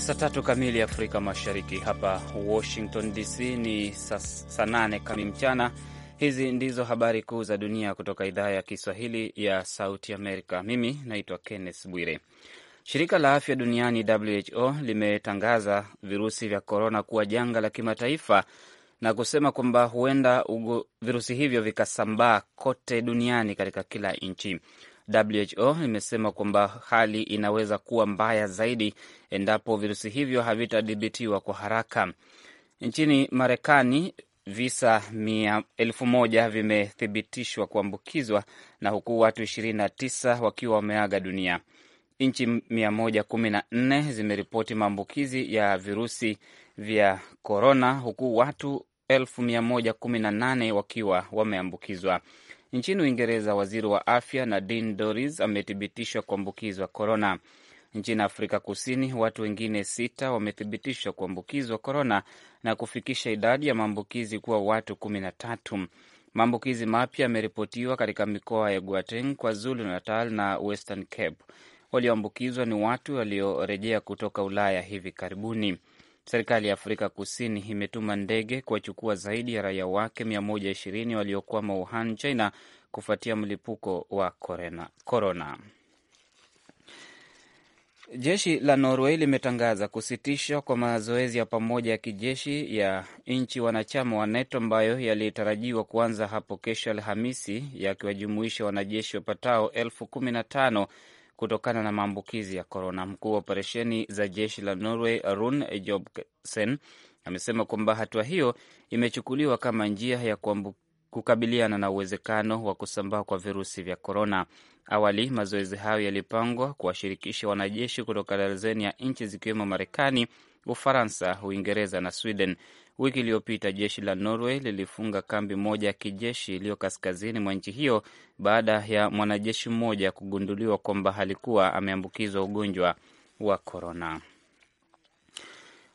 saa tatu kamili Afrika Mashariki. Hapa Washington DC ni saa nane kamili mchana. Hizi ndizo habari kuu za dunia kutoka idhaa ya Kiswahili ya Sauti Amerika. Mimi naitwa Kenneth Bwire. Shirika la Afya Duniani, WHO, limetangaza virusi vya korona kuwa janga la kimataifa na kusema kwamba huenda virusi hivyo vikasambaa kote duniani katika kila nchi. WHO imesema kwamba hali inaweza kuwa mbaya zaidi endapo virusi hivyo havitadhibitiwa kwa haraka. Nchini Marekani, visa mia elfu moja vimethibitishwa kuambukizwa na huku watu 29 wakiwa wameaga dunia. Nchi 114 zimeripoti maambukizi ya virusi vya korona huku watu 1118 wakiwa wameambukizwa. Nchini Uingereza, waziri wa afya Nadine Dorries amethibitishwa kuambukizwa korona. Nchini Afrika Kusini, watu wengine sita wamethibitishwa kuambukizwa korona na kufikisha idadi ya maambukizi kuwa watu kumi na tatu. Maambukizi mapya yameripotiwa katika mikoa ya Gauteng, KwaZulu Natal na Western Cape. Walioambukizwa ni watu waliorejea kutoka Ulaya hivi karibuni. Serikali ya Afrika Kusini imetuma ndege kuwachukua zaidi ya raia wake 120 waliokwama Wuhan, China, kufuatia mlipuko wa korona. Jeshi la Norway limetangaza kusitishwa kwa mazoezi ya pamoja ya kijeshi ya nchi wanachama wa NATO ambayo yalitarajiwa kuanza hapo kesho Alhamisi, yakiwajumuisha wanajeshi wapatao elfu kumi na tano kutokana na maambukizi ya korona. Mkuu wa operesheni za jeshi la Norway run Jobsen amesema kwamba hatua hiyo imechukuliwa kama njia ya kuambu, kukabiliana na uwezekano wa kusambaa kwa virusi vya korona. Awali mazoezi hayo yalipangwa kuwashirikisha wanajeshi kutoka darzeni ya nchi zikiwemo Marekani, Ufaransa, Uingereza na Sweden. Wiki iliyopita jeshi la Norway lilifunga kambi moja ya kijeshi iliyo kaskazini mwa nchi hiyo baada ya mwanajeshi mmoja kugunduliwa kwamba alikuwa ameambukizwa ugonjwa wa korona.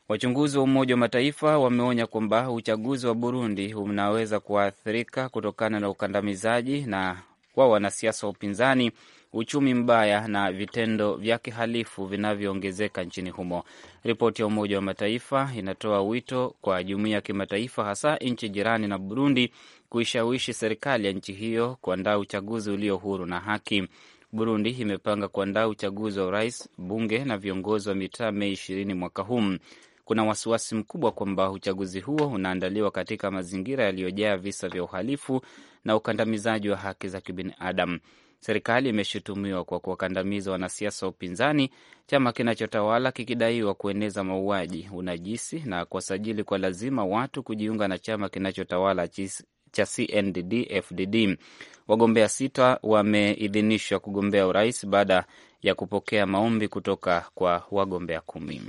Wachunguzi wa Umoja wa Mataifa wameonya kwamba uchaguzi wa Burundi unaweza kuathirika kutokana na ukandamizaji na wa wanasiasa wa upinzani uchumi mbaya na vitendo vya kihalifu vinavyoongezeka nchini humo. Ripoti ya Umoja wa Mataifa inatoa wito kwa jumuiya ya kimataifa, hasa nchi jirani na Burundi, kuishawishi serikali ya nchi hiyo kuandaa uchaguzi ulio huru na haki. Burundi imepanga kuandaa uchaguzi wa urais, bunge na viongozi wa mitaa Mei ishirini mwaka huu. Kuna wasiwasi mkubwa kwamba uchaguzi huo unaandaliwa katika mazingira yaliyojaa visa vya uhalifu na ukandamizaji wa haki za kibinadamu. Serikali imeshutumiwa kwa kuwakandamiza wanasiasa wa upinzani, chama kinachotawala kikidaiwa kueneza mauaji, unajisi na kuwasajili kwa lazima watu kujiunga na chama kinachotawala cha CNDD-FDD. Wagombea sita wameidhinishwa kugombea urais baada ya kupokea maombi kutoka kwa wagombea kumi.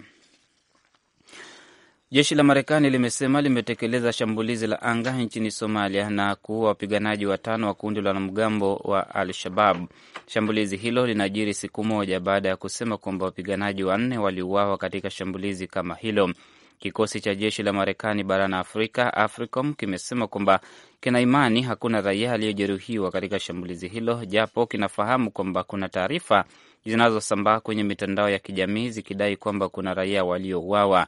Jeshi la Marekani limesema limetekeleza shambulizi la anga nchini Somalia na kuua wapiganaji watano wa kundi la wanamgambo wa Al-Shabab. Shambulizi hilo linajiri siku moja baada ya kusema kwamba wapiganaji wanne waliuawa katika shambulizi kama hilo. Kikosi cha jeshi la Marekani barani Afrika, AFRICOM, kimesema kwamba kina imani hakuna raia aliyejeruhiwa katika shambulizi hilo, japo kinafahamu kwamba kuna taarifa zinazosambaa kwenye mitandao ya kijamii zikidai kwamba kuna raia waliouawa.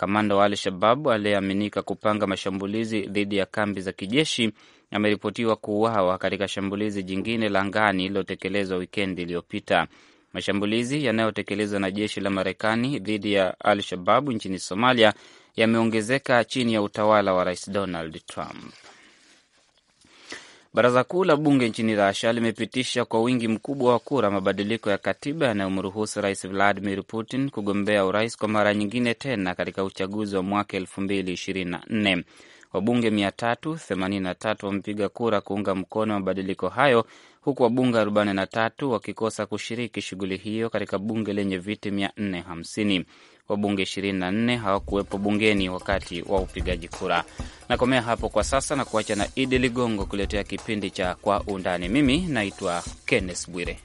Kamanda wa Al-Shabab aliyeaminika kupanga mashambulizi dhidi ya kambi za kijeshi ameripotiwa kuuawa katika shambulizi jingine la angani lililotekelezwa wikendi iliyopita. Mashambulizi yanayotekelezwa na jeshi la Marekani dhidi ya Al-Shababu nchini Somalia yameongezeka chini ya utawala wa Rais Donald Trump. Baraza kuu la bunge nchini Russia limepitisha kwa wingi mkubwa wa kura mabadiliko ya katiba yanayomruhusu rais Vladimir Putin kugombea urais kwa mara nyingine tena katika uchaguzi wa mwaka elfu mbili ishirini na nne. Wabunge 383 wamepiga kura kuunga mkono mabadiliko hayo, huku wabunge 43 wakikosa kushiriki shughuli hiyo katika bunge lenye viti 450. Wabunge 24 hawakuwepo bungeni wakati wa upigaji kura. Nakomea hapo kwa sasa na kuacha na Idi Ligongo kuletea kipindi cha Kwa Undani. Mimi naitwa Kenneth Bwire.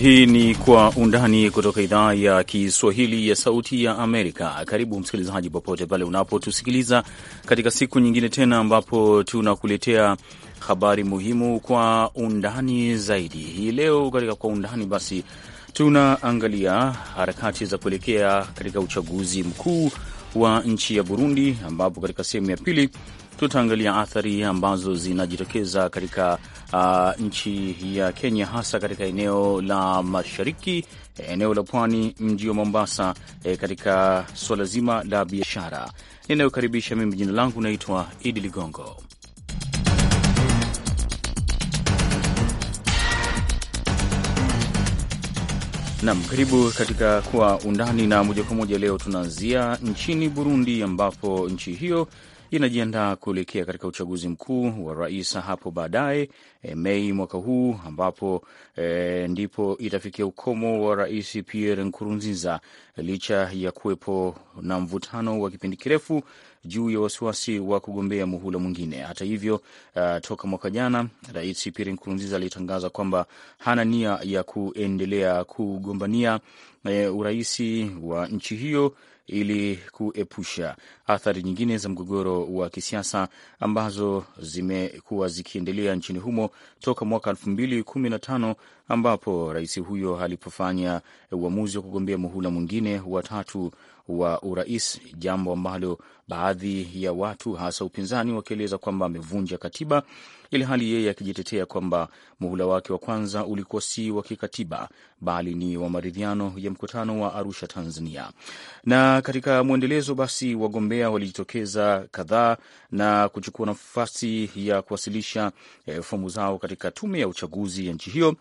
Hii ni Kwa Undani kutoka idhaa ya Kiswahili ya Sauti ya Amerika. Karibu msikilizaji, popote pale unapotusikiliza katika siku nyingine tena, ambapo tunakuletea habari muhimu kwa undani zaidi. Hii leo katika Kwa Undani basi tunaangalia harakati za kuelekea katika uchaguzi mkuu wa nchi ya Burundi, ambapo katika sehemu ya pili tutaangalia athari ambazo zinajitokeza katika uh, nchi ya Kenya, hasa katika eneo la mashariki, eneo la pwani, mji wa Mombasa, eh, katika suala zima la biashara. Ninayokaribisha mimi, jina langu naitwa Idi Ligongo. Nam, karibu katika Kwa Undani na moja kwa moja. Leo tunaanzia nchini Burundi, ambapo nchi hiyo inajiandaa kuelekea katika uchaguzi mkuu wa rais hapo baadaye eh, Mei mwaka huu, ambapo e, ndipo itafikia ukomo wa Rais Pierre Nkurunziza licha ya kuwepo na mvutano wa kipindi kirefu juu ya wasiwasi wa kugombea muhula mwingine. Hata hivyo, uh, toka mwaka jana Rais Pierre Nkurunziza alitangaza kwamba hana nia ya kuendelea kugombania uh, uraisi wa nchi hiyo ili kuepusha athari nyingine za mgogoro wa kisiasa ambazo zimekuwa zikiendelea nchini humo toka mwaka elfu mbili kumi na tano ambapo rais huyo alipofanya uamuzi wa kugombea muhula mwingine wa tatu wa urais, jambo ambalo baadhi ya watu hasa upinzani wakieleza kwamba amevunja katiba, ili hali yeye akijitetea kwamba muhula wake wa kwanza ulikuwa si wa kikatiba, bali ni wa maridhiano ya mkutano wa Arusha, Tanzania. Na katika mwendelezo basi, wagombea walijitokeza kadhaa na kuchukua nafasi ya kuwasilisha eh, fomu zao katika tume ya uchaguzi ya nchi hiyo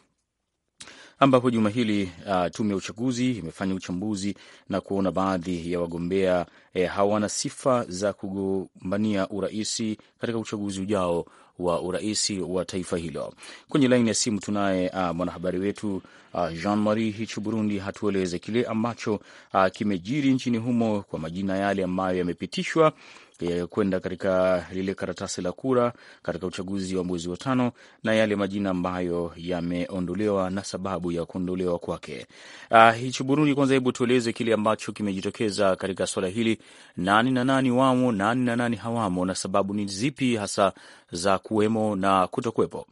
ambapo juma hili uh, tume ya uchaguzi imefanya uchambuzi na kuona baadhi ya wagombea eh, hawana sifa za kugombania uraisi katika uchaguzi ujao wa uraisi wa taifa hilo. Kwenye laini ya simu tunaye uh, mwanahabari wetu uh, Jean Marie Hichu Burundi, hatueleze kile ambacho uh, kimejiri nchini humo kwa majina yale ambayo yamepitishwa kwenda katika lile karatasi la kura katika uchaguzi wa mwezi wa tano na yale majina ambayo yameondolewa na sababu ya kuondolewa kwake. Uh, hichi Burundi, kwanza hebu tueleze kile ambacho kimejitokeza katika swala hili. Nani na nani wamo, nani na nani hawamo, na sababu ni zipi hasa za kuwemo na kutokuwepo?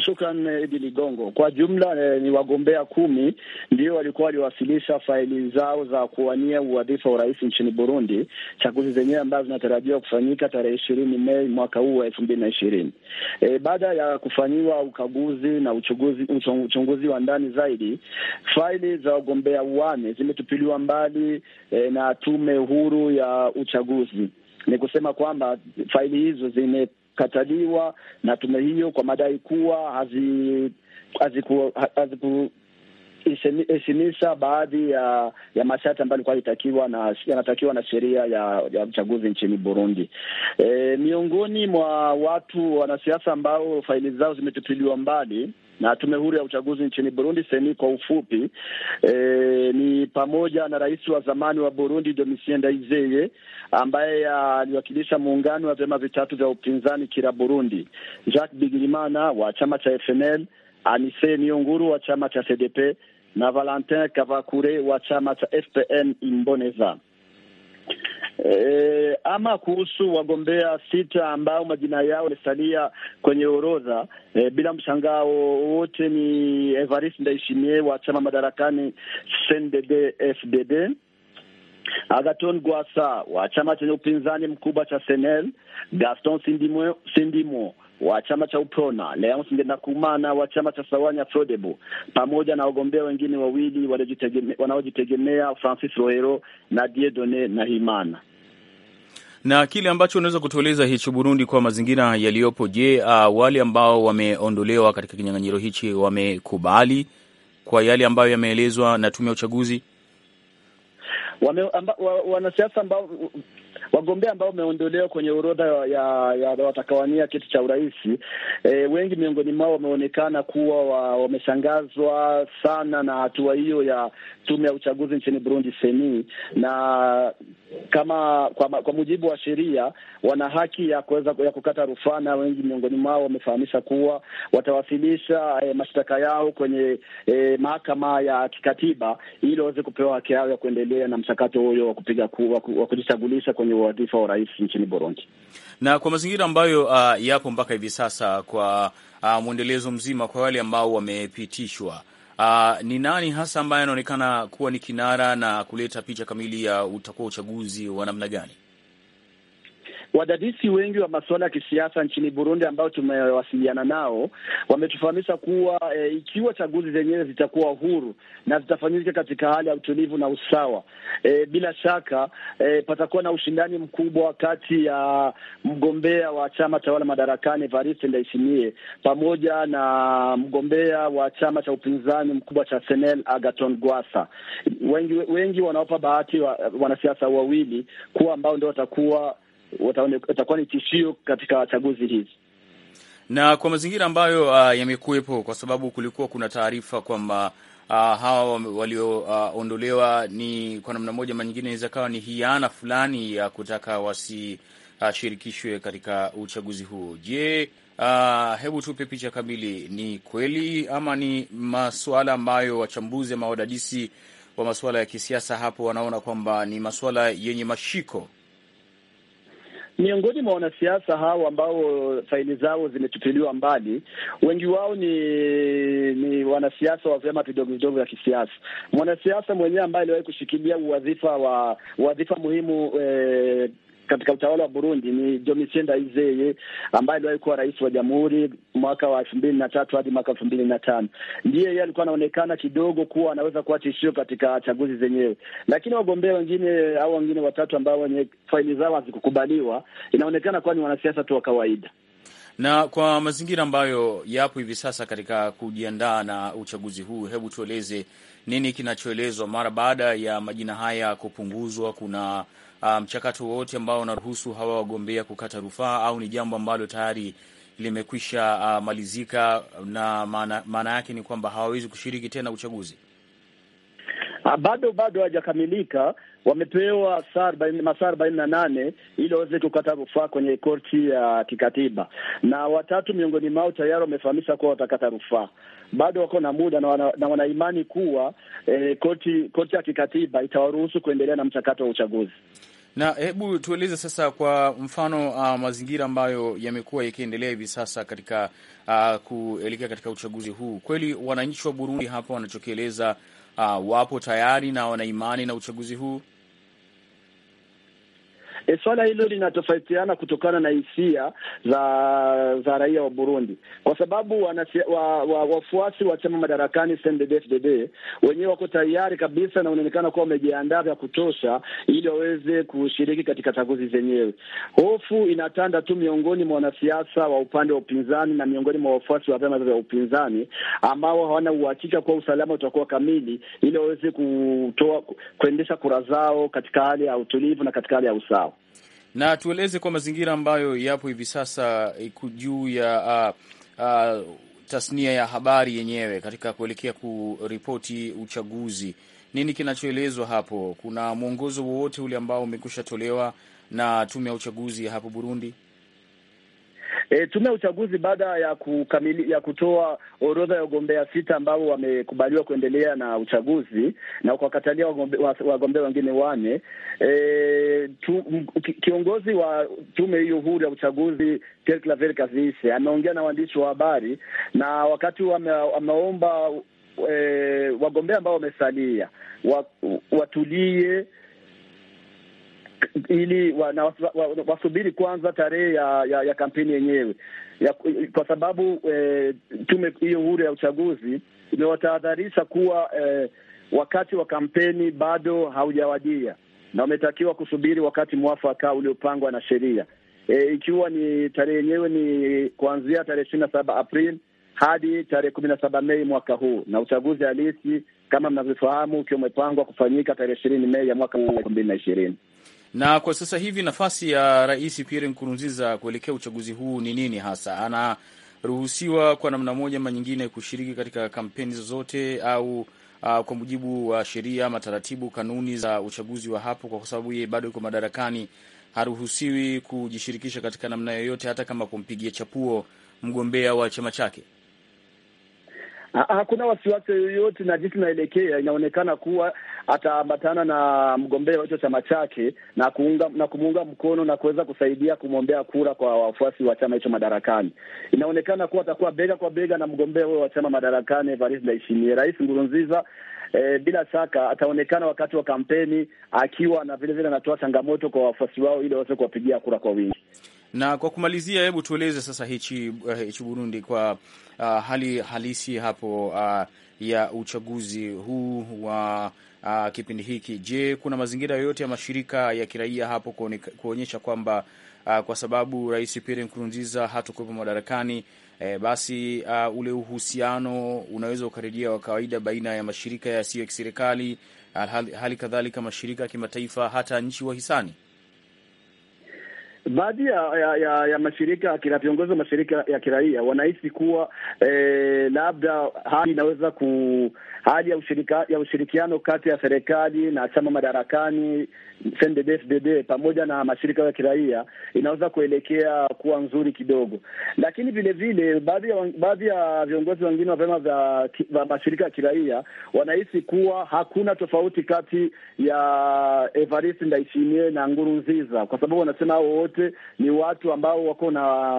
Shukran eh, Idi Ligongo. Kwa jumla eh, ni wagombea kumi ndio walikuwa waliwasilisha faili zao za kuwania uwadhifa wa urais nchini Burundi, chaguzi zenyewe ambazo zinatarajiwa kufanyika tarehe ishirini Mei mwaka huu wa elfu mbili na ishirini. Eh, baada ya kufanyiwa ukaguzi na uchunguzi, uchunguzi wa ndani zaidi, faili za wagombea wane zimetupiliwa mbali eh, na tume huru ya uchaguzi. Ni kusema kwamba faili hizo zime kataliwa na tume hiyo kwa madai kuwa hazikuheshimisha hazi baadhi ya ya masharti ambayo yalikuwa na yanatakiwa na sheria ya ya uchaguzi nchini Burundi. E, miongoni mwa watu wanasiasa ambao faili zao zimetupiliwa mbali na tume huru ya uchaguzi nchini Burundi seni kwa ufupi e, ni pamoja na rais wa zamani wa Burundi Domitien Ndayizeye ambaye aliwakilisha muungano wa vyama vitatu vya upinzani kila Burundi, Jacques Bigirimana wa chama cha FNL, Anise Nionguru wa chama cha CDP na Valentin Kavakure wa chama cha FPN Imboneza. E, ama kuhusu wagombea sita ambao majina yao yamesalia kwenye orodha e, bila mshangao wote ni Evariste Ndayishimiye wa chama madarakani CNDD FDD, Gwasa wa chama chenye upinzani mkubwa cha Senel, Gaston Sindimo, Sindimo wa chama cha Uprona, Leonce Ngendakumana wa chama cha Sawanya Frodebu, pamoja na wagombea wengine wawili wanaojitegemea Francis Rohero na Diedone na Himana na kile ambacho unaweza kutueleza hicho Burundi kwa mazingira yaliyopo. Je, uh, wale ambao wameondolewa katika kinyang'anyiro hichi wamekubali kwa yale ambayo yameelezwa na tume ya uchaguzi? Wanasiasa ambao wagombea ambao wameondolewa kwenye orodha ya, ya watakawania kiti cha urais e, wengi miongoni mwao wameonekana kuwa wa, wameshangazwa sana na hatua hiyo ya tume ya uchaguzi nchini Burundi seni na kama kwa, kwa mujibu wa sheria wana haki ya kuweza ya kukata rufaa, na wengi miongoni mwao wamefahamisha kuwa watawasilisha e, mashtaka yao kwenye e, mahakama ya kikatiba ili waweze kupewa haki yao ya kuendelea na mchakato huyo wa kupiga wa kujichagulisha kwenye wadhifa wa rais nchini Burundi, na kwa mazingira ambayo uh, yapo mpaka hivi sasa kwa uh, mwendelezo mzima kwa wale ambao wamepitishwa Uh, ni nani hasa ambaye anaonekana kuwa ni kinara na kuleta picha kamili ya utakuwa uchaguzi wa namna gani? Wadadisi wengi wa masuala ya kisiasa nchini Burundi ambao tumewasiliana nao wametufahamisha kuwa e, ikiwa chaguzi zenyewe zitakuwa huru na zitafanyika katika hali ya utulivu na usawa, e, bila shaka e, patakuwa na ushindani mkubwa kati ya mgombea wa chama tawala madarakani Evariste Ndayishimiye pamoja na mgombea wa chama cha upinzani mkubwa cha Senel Agaton Gwasa. Wengi wengi wanawapa bahati wa, wanasiasa wawili kuwa ambao ndio watakuwa watakuwa ni tishio katika chaguzi hizi na kwa mazingira ambayo uh, yamekuwepo, kwa sababu kulikuwa kuna taarifa kwamba uh, hawa walioondolewa uh, ni kwa namna moja ama nyingine inaweza kawa ni hiana fulani ya kutaka wasishirikishwe uh, katika uchaguzi huo. Je, uh, hebu tupe picha kamili, ni kweli ama ni masuala ambayo wachambuzi ama wadadisi wa masuala ya kisiasa hapo wanaona kwamba ni masuala yenye mashiko? Miongoni mwa wanasiasa hao ambao faili zao zimetupiliwa mbali, wengi wao ni ni wanasiasa wa vyama vidogo vidogo vya kisiasa. Mwanasiasa mwenyewe ambaye aliwahi kushikilia wadhifa wa wadhifa muhimu eh, katika utawala wa Burundi ni Jomisenda Izeye ambaye aliwahi kuwa rais wa jamhuri mwaka wa elfu mbili na tatu hadi mwaka elfu mbili na tano ndiye yeye alikuwa anaonekana kidogo kuwa anaweza kuwa tishio katika chaguzi zenyewe, lakini wagombea wengine au wengine watatu ambao wenye faili zao hazikukubaliwa inaonekana kuwa ni wanasiasa tu wa kawaida na kwa mazingira ambayo yapo hivi sasa katika kujiandaa na uchaguzi huu, hebu tueleze nini kinachoelezwa mara baada ya majina haya kupunguzwa? Kuna Ah, mchakato um, wowote ambao unaruhusu hawa wagombea kukata rufaa au ni jambo ambalo tayari limekwisha uh, malizika na maana, yake ni kwamba hawawezi kushiriki tena uchaguzi? Ah, bado bado hawajakamilika. Wamepewa masaa arobaini na nane ili waweze kukata rufaa kwenye korti ya kikatiba, na watatu miongoni mwao tayari wamefahamisha kuwa watakata rufaa. Bado wako na muda na wana, na wanaimani kuwa eh, korti korti ya kikatiba itawaruhusu kuendelea na mchakato wa uchaguzi. Na hebu tueleze sasa, kwa mfano uh, mazingira ambayo yamekuwa yakiendelea hivi sasa katika uh, kuelekea katika uchaguzi huu, kweli wananchi wa Burundi hapa wanachokieleza, uh, wapo tayari na wana imani na uchaguzi huu? E, swala hilo linatofautiana kutokana na hisia za za raia wa Burundi, kwa sababu wafuasi wa, wa chama madarakani CNDD-FDD wenyewe wako tayari kabisa na wanaonekana kuwa wamejiandaa vya kutosha ili waweze kushiriki katika chaguzi zenyewe. Hofu inatanda tu miongoni mwa wanasiasa wa upande wa upinzani na miongoni mwa wafuasi wa vyama vya upinzani ambao hawana uhakika kuwa usalama utakuwa kamili ili waweze kutoa kuendesha kura zao katika hali ya utulivu na katika hali ya usawa. Na tueleze kwa mazingira ambayo yapo hivi sasa eh, juu ya uh, uh, tasnia ya habari yenyewe katika kuelekea kuripoti uchaguzi. Nini kinachoelezwa hapo? Kuna mwongozo wowote ule ambao umekusha tolewa na tume ya uchaguzi hapo Burundi? E, tume ya uchaguzi baada ya kukamili, ya kutoa orodha ya wagombea sita ambao wamekubaliwa kuendelea na uchaguzi na kuwakatalia wagombea wengine wane. E, tu, kiongozi wa tume hiyo huru ya uchaguzi Pierre Claver Kazise ameongea na waandishi wa habari na wakati ameomba e, wagombea ambao wamesalia wat, watulie ili wasubiri kwanza tarehe ya, ya, ya kampeni yenyewe ya, kwa sababu eh, tume hiyo huru ya uchaguzi imewatahadharisha kuwa eh, wakati wa kampeni bado haujawadia na wametakiwa kusubiri wakati mwafaka uliopangwa na sheria eh, ikiwa ni tarehe yenyewe ni kuanzia tarehe ishirini na saba Aprili hadi tarehe kumi na saba Mei mwaka huu, na uchaguzi halisi kama mnavyofahamu ukiwa umepangwa kufanyika tarehe ishirini Mei ya mwaka elfu mbili na ishirini. Na kwa sasa hivi nafasi ya Rais Pierre Nkurunziza kuelekea uchaguzi huu ni nini hasa? Anaruhusiwa kwa namna moja ama nyingine kushiriki katika kampeni zozote au uh, kwa mujibu wa sheria ama taratibu, kanuni za uchaguzi wa hapo, kwa sababu yeye bado yuko madarakani, haruhusiwi kujishirikisha katika namna yoyote, hata kama kumpigia chapuo mgombea wa chama chake? Hakuna wasiwasi yoyote na jinsi inaelekea, inaonekana kuwa ataambatana na mgombea wa hicho chama chake na kuunga, na kumuunga mkono na kuweza kusaidia kumwombea kura kwa wafuasi wa chama hicho madarakani. Inaonekana kuwa atakuwa bega kwa bega na mgombea huyo wa chama madarakani Evariste Ndayishimiye. Rais Ngurunziza E, eh, bila shaka ataonekana wakati wa kampeni akiwa na vile vile anatoa changamoto kwa wafuasi wao ili waweze kuwapigia kura kwa wingi. Na kwa kumalizia, hebu tueleze sasa hichi eh, hichi Burundi kwa uh, hali halisi hapo uh, ya uchaguzi huu wa uh, kipindi hiki. Je, kuna mazingira yoyote ya mashirika ya kiraia hapo kuonyesha kwamba uh, kwa sababu Rais Pierre Nkurunziza hatukuwepo madarakani eh, basi uh, ule uhusiano unaweza ukarejea wa kawaida baina ya mashirika yasiyo ya kiserikali hali, hali kadhalika mashirika ya kimataifa hata nchi wahisani? Baadhi ya, ya, ya, ya mashirika ya viongozi wa mashirika ya kiraia wanahisi kuwa eh, labda hali inaweza ku hali ya ushirika, ya ushirikiano kati ya serikali na chama madarakani CNDD-FDD pamoja na mashirika ya kiraia inaweza kuelekea kuwa nzuri kidogo, lakini vile vile baadhi ya baadhi ya viongozi wengine wa vyama vya mashirika ya kiraia wanahisi kuwa hakuna tofauti kati ya Evariste Ndayishimiye na nziza kwa sababu wanasema hao wote ni watu ambao wako na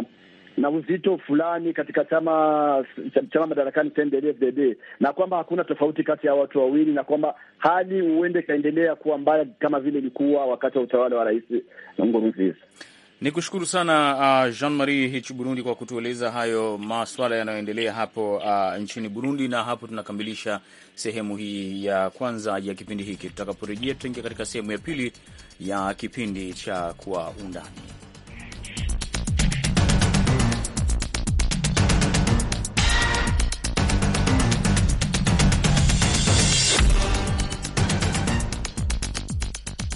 na uzito fulani katika chama chama madarakani CNDD-FDD, na kwamba hakuna tofauti kati ya watu wawili, na kwamba hali huende ikaendelea kuwa mbaya kama vile ilikuwa wakati wa utawala wa Rais Nkurunziza. Ni kushukuru sana uh, Jean Marie hich Burundi kwa kutueleza hayo maswala yanayoendelea hapo uh, nchini Burundi. Na hapo tunakamilisha sehemu hii ya kwanza ya kipindi hiki. Tutakaporejea tutaingia katika sehemu ya pili ya kipindi cha Kwa Undani.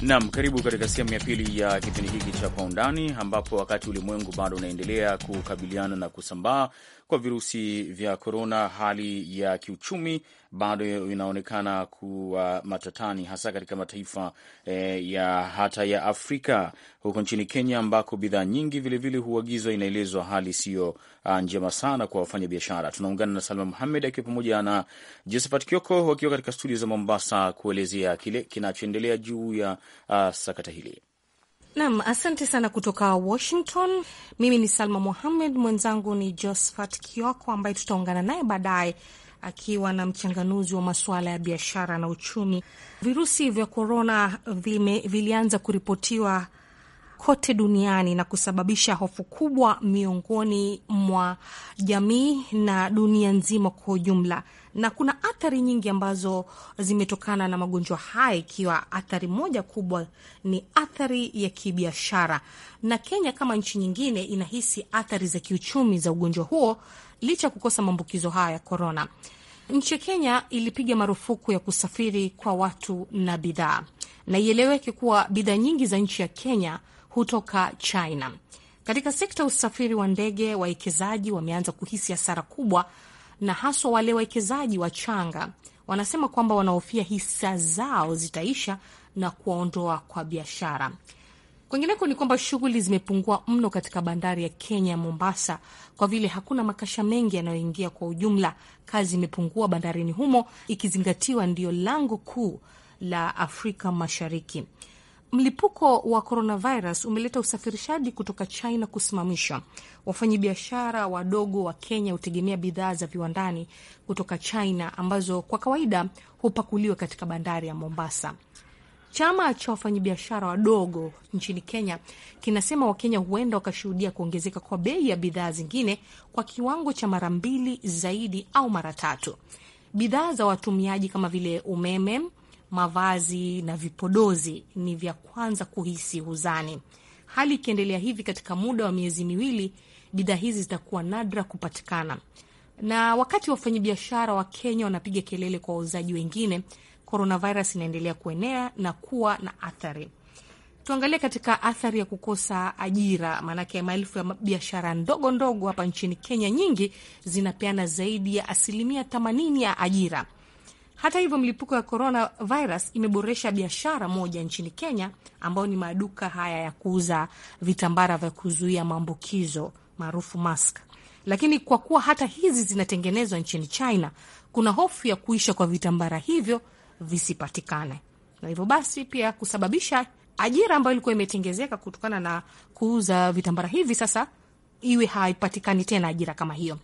Nam, karibu katika sehemu ya pili ya kipindi hiki cha Kwa Undani, ambapo wakati ulimwengu bado unaendelea kukabiliana na kusambaa kwa virusi vya korona, hali ya kiuchumi bado inaonekana kuwa matatani, hasa katika mataifa eh, ya hata ya Afrika. Huko nchini Kenya ambako bidhaa nyingi vilevile huagizwa, inaelezwa hali siyo ah, njema sana kwa wafanyabiashara. Tunaungana na Salma Muhamed akiwa pamoja na Josephat Kioko wakiwa katika studio za Mombasa kuelezea kile kinachoendelea juu ya uh, sakata hili. Nam, asante sana kutoka Washington. Mimi ni Salma Mohamed, mwenzangu ni Josphat Kioko ambaye tutaungana naye baadaye akiwa na mchanganuzi wa masuala ya biashara na uchumi. Virusi vya korona vilianza kuripotiwa kote duniani na kusababisha hofu kubwa miongoni mwa jamii na dunia nzima kwa ujumla. Na kuna athari nyingi ambazo zimetokana na magonjwa haya, ikiwa athari moja kubwa ni athari ya kibiashara. Na Kenya kama nchi nyingine inahisi athari za kiuchumi za ugonjwa huo licha ya kukosa maambukizo haya ya korona. Nchi ya Kenya ilipiga marufuku ya kusafiri kwa watu na bidhaa, na ieleweke kuwa bidhaa nyingi za nchi ya Kenya hutoka China. Katika sekta ya usafiri wa ndege, wawekezaji wameanza kuhisi hasara kubwa, na haswa wale wawekezaji wachanga wanasema kwamba wanahofia hisa zao zitaisha na kuwaondoa kwa biashara. Kwingineko ni kwamba shughuli zimepungua mno katika bandari ya Kenya ya Mombasa kwa vile hakuna makasha mengi yanayoingia. Kwa ujumla, kazi imepungua bandarini humo, ikizingatiwa ndio lango kuu la Afrika Mashariki. Mlipuko wa coronavirus umeleta usafirishaji kutoka China kusimamishwa. Wafanyabiashara wadogo wa Kenya hutegemea bidhaa za viwandani kutoka China ambazo kwa kawaida hupakuliwa katika bandari ya Mombasa. Chama cha wafanyabiashara wadogo nchini Kenya kinasema Wakenya huenda wakashuhudia kuongezeka kwa bei ya bidhaa zingine kwa kiwango cha mara mbili zaidi au mara tatu. Bidhaa za watumiaji kama vile umeme, mavazi na vipodozi ni vya kwanza kuhisi huzani. Hali ikiendelea hivi katika muda wa miezi miwili, bidhaa hizi zitakuwa nadra kupatikana. Na wakati wafanyabiashara wa Kenya wanapiga kelele kwa wauzaji wengine, coronavirus inaendelea kuenea na kuwa na athari. Tuangalie katika athari ya kukosa ajira, maanake maelfu ya biashara ndogo ndogo hapa nchini Kenya, nyingi zinapeana zaidi ya asilimia themanini ya ajira hata hivyo, mlipuko ya corona virus imeboresha biashara moja nchini Kenya, ambayo ni maduka haya ya kuuza vitambara vya kuzuia maambukizo maarufu mask. Lakini kwa kuwa hata hizi zinatengenezwa nchini China, kuna hofu ya kuisha kwa vitambara hivyo visipatikane, na hivyo basi pia kusababisha ajira ambayo ilikuwa imetengezeka kutokana na kuuza vitambara hivi, sasa iwe haipatikani tena ajira kama hiyo.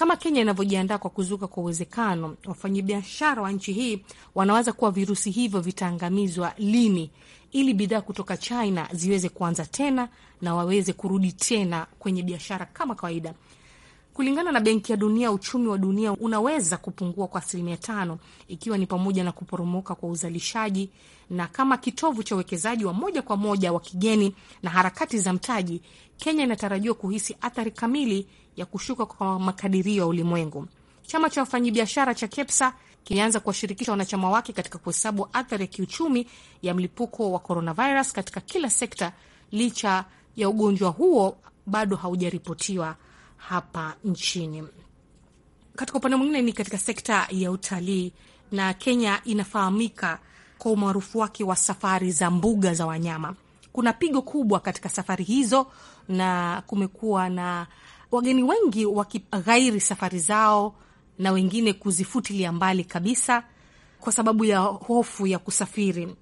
Kama Kenya inavyojiandaa kwa kuzuka kwa uwezekano, wafanyabiashara wa nchi hii wanawaza kuwa virusi hivyo vitaangamizwa lini ili bidhaa kutoka China ziweze kuanza tena na waweze kurudi tena kwenye biashara kama kawaida. Kulingana na Benki ya Dunia, uchumi wa dunia unaweza kupungua kwa asilimia tano ikiwa ni pamoja na kuporomoka kwa uzalishaji na kama kitovu cha uwekezaji wa moja kwa moja wa kigeni na harakati za mtaji, Kenya inatarajiwa kuhisi athari kamili ya kushuka kwa makadirio ya ulimwengu. Chama cha wafanyabiashara cha KEPSA kilianza kuwashirikisha wanachama wake katika kuhesabu athari ya kiuchumi ya mlipuko wa coronavirus katika kila sekta, licha ya ugonjwa huo bado haujaripotiwa hapa nchini. Katika upande mwingine ni katika sekta ya utalii, na Kenya inafahamika kwa umaarufu wake wa safari za mbuga za wanyama. Kuna pigo kubwa katika safari hizo, na kumekuwa na wageni wengi wakighairi safari zao na wengine kuzifutilia mbali kabisa kwa sababu ya hofu ya kusafiri.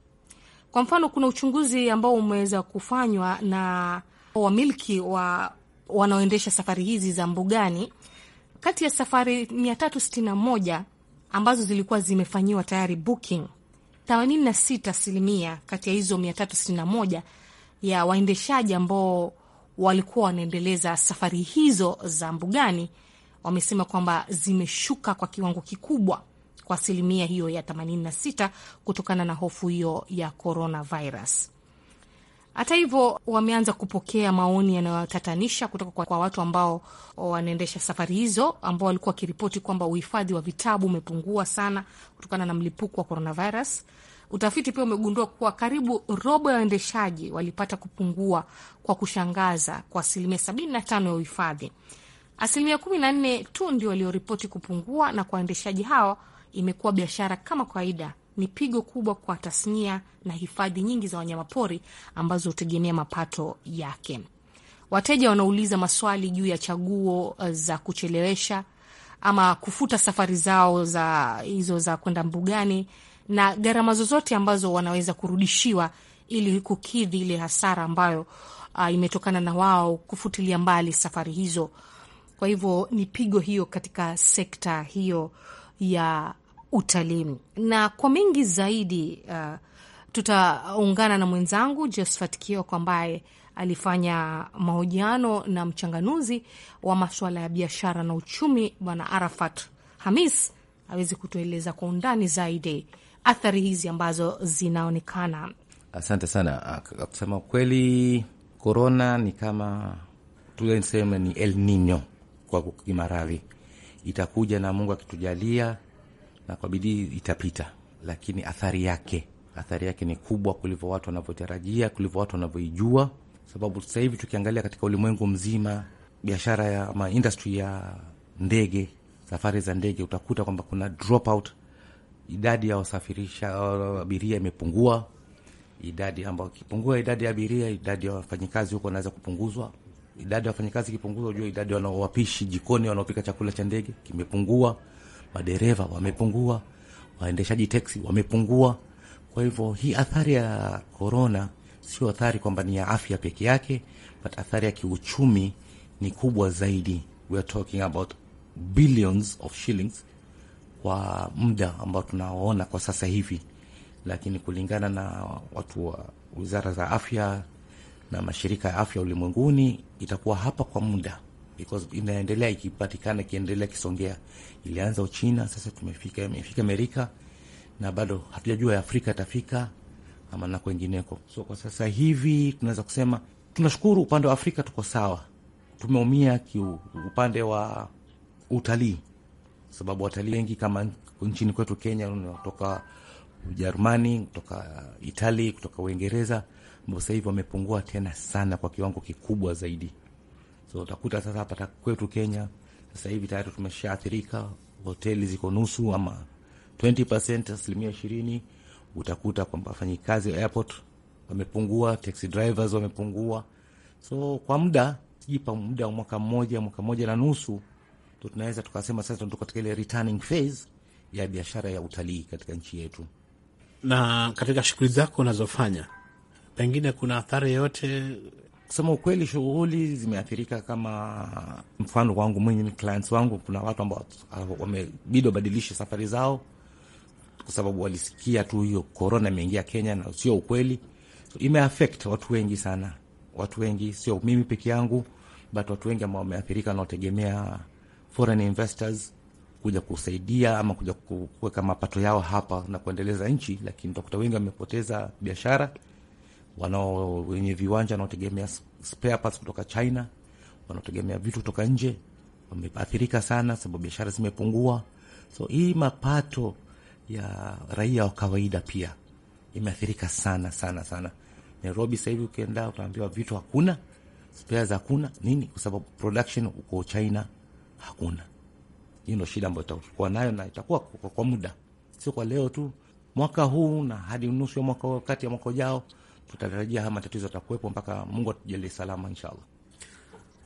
Kwa mfano, kuna uchunguzi ambao umeweza kufanywa na wamiliki wa wanaoendesha safari hizi za mbugani, kati ya safari 361 ambazo zilikuwa zimefanyiwa tayari booking, 86 asilimia kati ya hizo 361 ya waendeshaji ambao walikuwa wanaendeleza safari hizo za mbugani wamesema kwamba zimeshuka kwa kiwango kikubwa kwa asilimia hiyo ya 86 kutokana na hofu hiyo ya coronavirus. Hata hivyo, wameanza kupokea maoni yanayotatanisha kutoka kwa, watu ambao wanaendesha safari hizo ambao walikuwa wakiripoti kwamba uhifadhi wa vitabu umepungua sana kutokana na mlipuko wa coronavirus. Utafiti pia umegundua kuwa karibu robo ya waendeshaji walipata kupungua kwa kushangaza kwa asilimia 75 ya uhifadhi. Asilimia 14 tu ndio walioripoti kupungua, na kwa waendeshaji hao imekuwa biashara kama kawaida ni pigo kubwa kwa tasnia na hifadhi nyingi za wanyamapori ambazo hutegemea mapato yake. Wateja wanauliza maswali juu ya chaguo eh, za kuchelewesha ama kufuta safari zao za hizo za kwenda mbugani na gharama zozote ambazo wanaweza kurudishiwa ili kukidhi ile hasara ambayo uh, imetokana na wao kufutilia mbali safari hizo. Kwa hivyo ni pigo hiyo katika sekta hiyo ya utalii. Na kwa mengi zaidi uh, tutaungana na mwenzangu Josephat Kioko ambaye alifanya mahojiano na mchanganuzi wa masuala ya biashara na uchumi Bwana Arafat Hamis aweze kutueleza kwa undani zaidi athari hizi ambazo zinaonekana. Asante sana. Ah, kusema kweli, korona ni kama tule ni El Nino kwa kimaradhi, itakuja na Mungu akitujalia na kwa bidii itapita, lakini athari yake athari yake ni kubwa kulivyo watu wanavyotarajia, kulivyo watu wanavyoijua, sababu sasa hivi tukiangalia katika ulimwengu mzima biashara ya ama industry ya ndege, safari za ndege, utakuta kwamba kuna drop out. Idadi ya wasafirisha abiria imepungua, idadi ambayo ikipungua idadi ya abiria, idadi ya wafanyikazi huko wanaweza kupunguzwa. Idadi ya wafanyikazi ikipunguzwa, ujua idadi wanaowapishi jikoni wanaopika chakula cha ndege kimepungua madereva wamepungua, waendeshaji teksi wamepungua. Kwa hivyo hii athari ya korona sio athari kwamba ni ya afya peke yake, but athari ya kiuchumi ni kubwa zaidi. We are talking about billions of shillings kwa muda ambao tunaoona kwa sasa hivi, lakini kulingana na watu wa wizara za afya na mashirika ya afya ulimwenguni itakuwa hapa kwa muda because inaendelea ikipatikana, ikiendelea kisongea. Ilianza Uchina, sasa tumefika imefika Amerika na bado hatujajua Afrika itafika ama na kwengineko. So kwa sasa hivi tunaweza kusema tunashukuru, upande wa Afrika tuko sawa. Tumeumia kiu upande wa utalii, sababu watalii wengi kama nchini kwetu Kenya kutoka Ujerumani, kutoka Itali, kutoka Uingereza, ambao sasa hivi wamepungua tena sana kwa kiwango kikubwa zaidi. So utakuta sasa hapa kwetu Kenya sasa hivi tayari tumeshaathirika, hoteli ziko nusu ama 20%, asilimia ishirini. Utakuta kwamba wafanyikazi wa airport wamepungua, taxi drivers wamepungua. So kwa muda sijipa muda wa mwaka mmoja, mwaka mmoja na nusu, ndo tunaweza tukasema sasa tuko katika ile returning phase ya biashara ya utalii katika nchi yetu. Na katika shughuli zako unazofanya, pengine kuna athari yoyote Kusema ukweli, shughuli zimeathirika. Kama mfano wangu mwenye clients wangu, kuna watu ambao wamebidi wabadilishe safari zao kwa sababu walisikia tu hiyo korona imeingia Kenya na sio ukweli. So, imeaffect watu wengi sana, watu wengi, sio mimi peke yangu, but watu wengi ambao wameathirika wanaotegemea foreign investors kuja kusaidia ama kuja kuweka mapato yao hapa na kuendeleza nchi, lakini utakuta wengi wamepoteza biashara wanao wenye viwanja wanaotegemea spare parts kutoka China, wanaotegemea vitu kutoka nje wameathirika sana, sababu biashara zimepungua. So hii mapato ya raia wa kawaida pia imeathirika sana sana sana. Nairobi sasa hivi ukienda utaambiwa vitu hakuna, spares hakuna nini, kwa sababu production uko China hakuna. Hii ndio shida ambayo itakuwa nayo na itakuwa kwa, kwa muda, sio kwa leo tu, mwaka huu na hadi nusu ya mwaka, kati ya mwaka ujao tunatarajia haya matatizo yatakuwepo mpaka Mungu atujalie salama inshallah.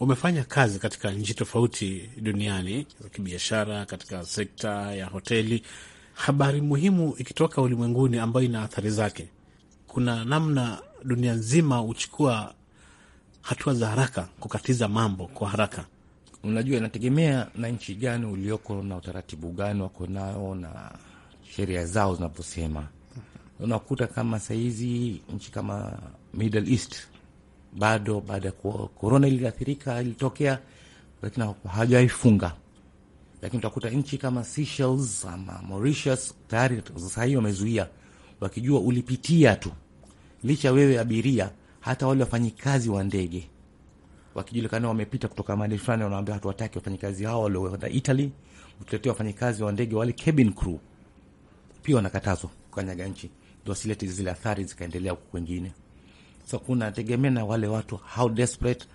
Umefanya kazi katika nchi tofauti duniani za kibiashara, katika sekta ya hoteli. Habari muhimu ikitoka ulimwenguni ambayo ina athari zake, kuna namna dunia nzima huchukua hatua za haraka kukatiza mambo kwa haraka. Unajua, inategemea na nchi gani ulioko na utaratibu gani wako nao na sheria zao zinavyosema unakuta kama sahizi nchi kama Middle East bado baada ya korona iliathirika ilitokea, lakini hawajaifunga. Lakini utakuta nchi kama Seychelles ama Mauritius tayari sasa hivi wamezuia, wakijua ulipitia tu, licha wewe abiria, hata wale wafanyikazi wa ndege wakijulikana wamepita kutoka mahali fulani, wanawambia hatuwataki wafanyikazi hao walioenda Italy, utuletea wafanyikazi wa ndege wale cabin crew, pia wanakatazwa kukanyaga nchi ndo silete zile athari zikaendelea huku kwengine. So kuna tegemea na wale watu how desperate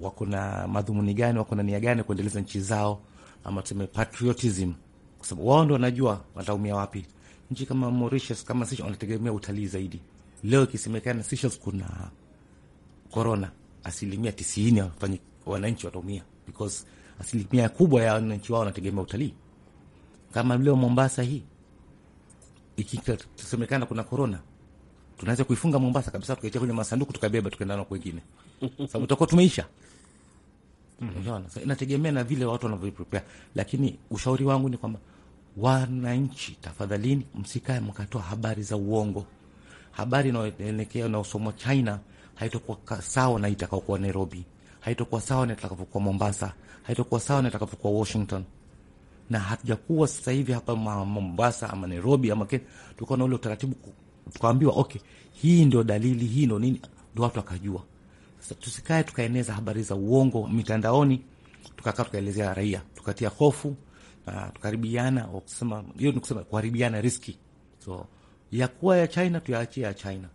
wako na madhumuni gani, wako na nia gani kuendeleza nchi zao, ama tuseme patriotism, kwa sababu wao ndo wanajua wataumia wapi. Nchi kama Mauritius, kama Seychelles wanategemea utalii zaidi. Leo ikisemekana Seychelles kuna corona, asilimia tisini wafanye wananchi wataumia, because asilimia kubwa ya wananchi wao wanategemea utalii. Kama leo Mombasa hii ikisemekana kuna korona, tunaweza kuifunga Mombasa kabisa, tukaitia kwenye masanduku tukabeba, tukaenda nao kwengine, sababu tutakuwa tumeisha. Mm-hmm. Unaona, inategemea na vile watu wanavyoprepare, lakini ushauri wangu ni kwamba wananchi, tafadhalini, msikae mkatoa habari za uongo. Habari inayoelekea inaosomwa China haitokuwa sawa na itakaokuwa Nairobi, haitokuwa sawa na itakapokuwa Mombasa, haitokuwa sawa na itakapokuwa Washington na hatujakuwa sasa hivi hapa Mombasa ama Nairobi ama Kenya tukawa na ule utaratibu, tukaambiwa okay, hii ndio dalili, hii ndio nini, ndio watu wakajua. Sasa tusikae tukaeneza habari za uongo mitandaoni, tukakaa tukaelezea raia, tukatia hofu na tukaribiana, kusema hiyo ni kusema kuharibiana riski. So ya kuwa ya China tuyaachie ya China,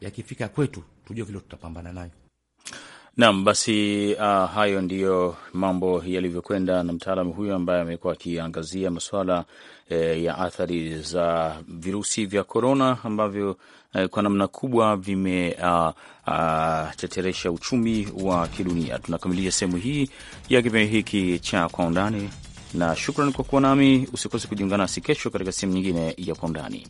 yakifika kwetu tujue vile tutapambana nayo. Naam, basi uh, hayo ndiyo mambo yalivyokwenda na mtaalamu huyo ambaye amekuwa akiangazia masuala eh, ya athari za virusi vya korona ambavyo eh, kwa namna kubwa vimeteteresha ah, ah, uh, uh, uchumi wa kidunia. Tunakamilisha sehemu hii ya kipindi hiki cha Kwa Undani na shukran kwa kuwa nami. Usikose kujiunga nasi kesho katika sehemu nyingine ya Kwa Undani.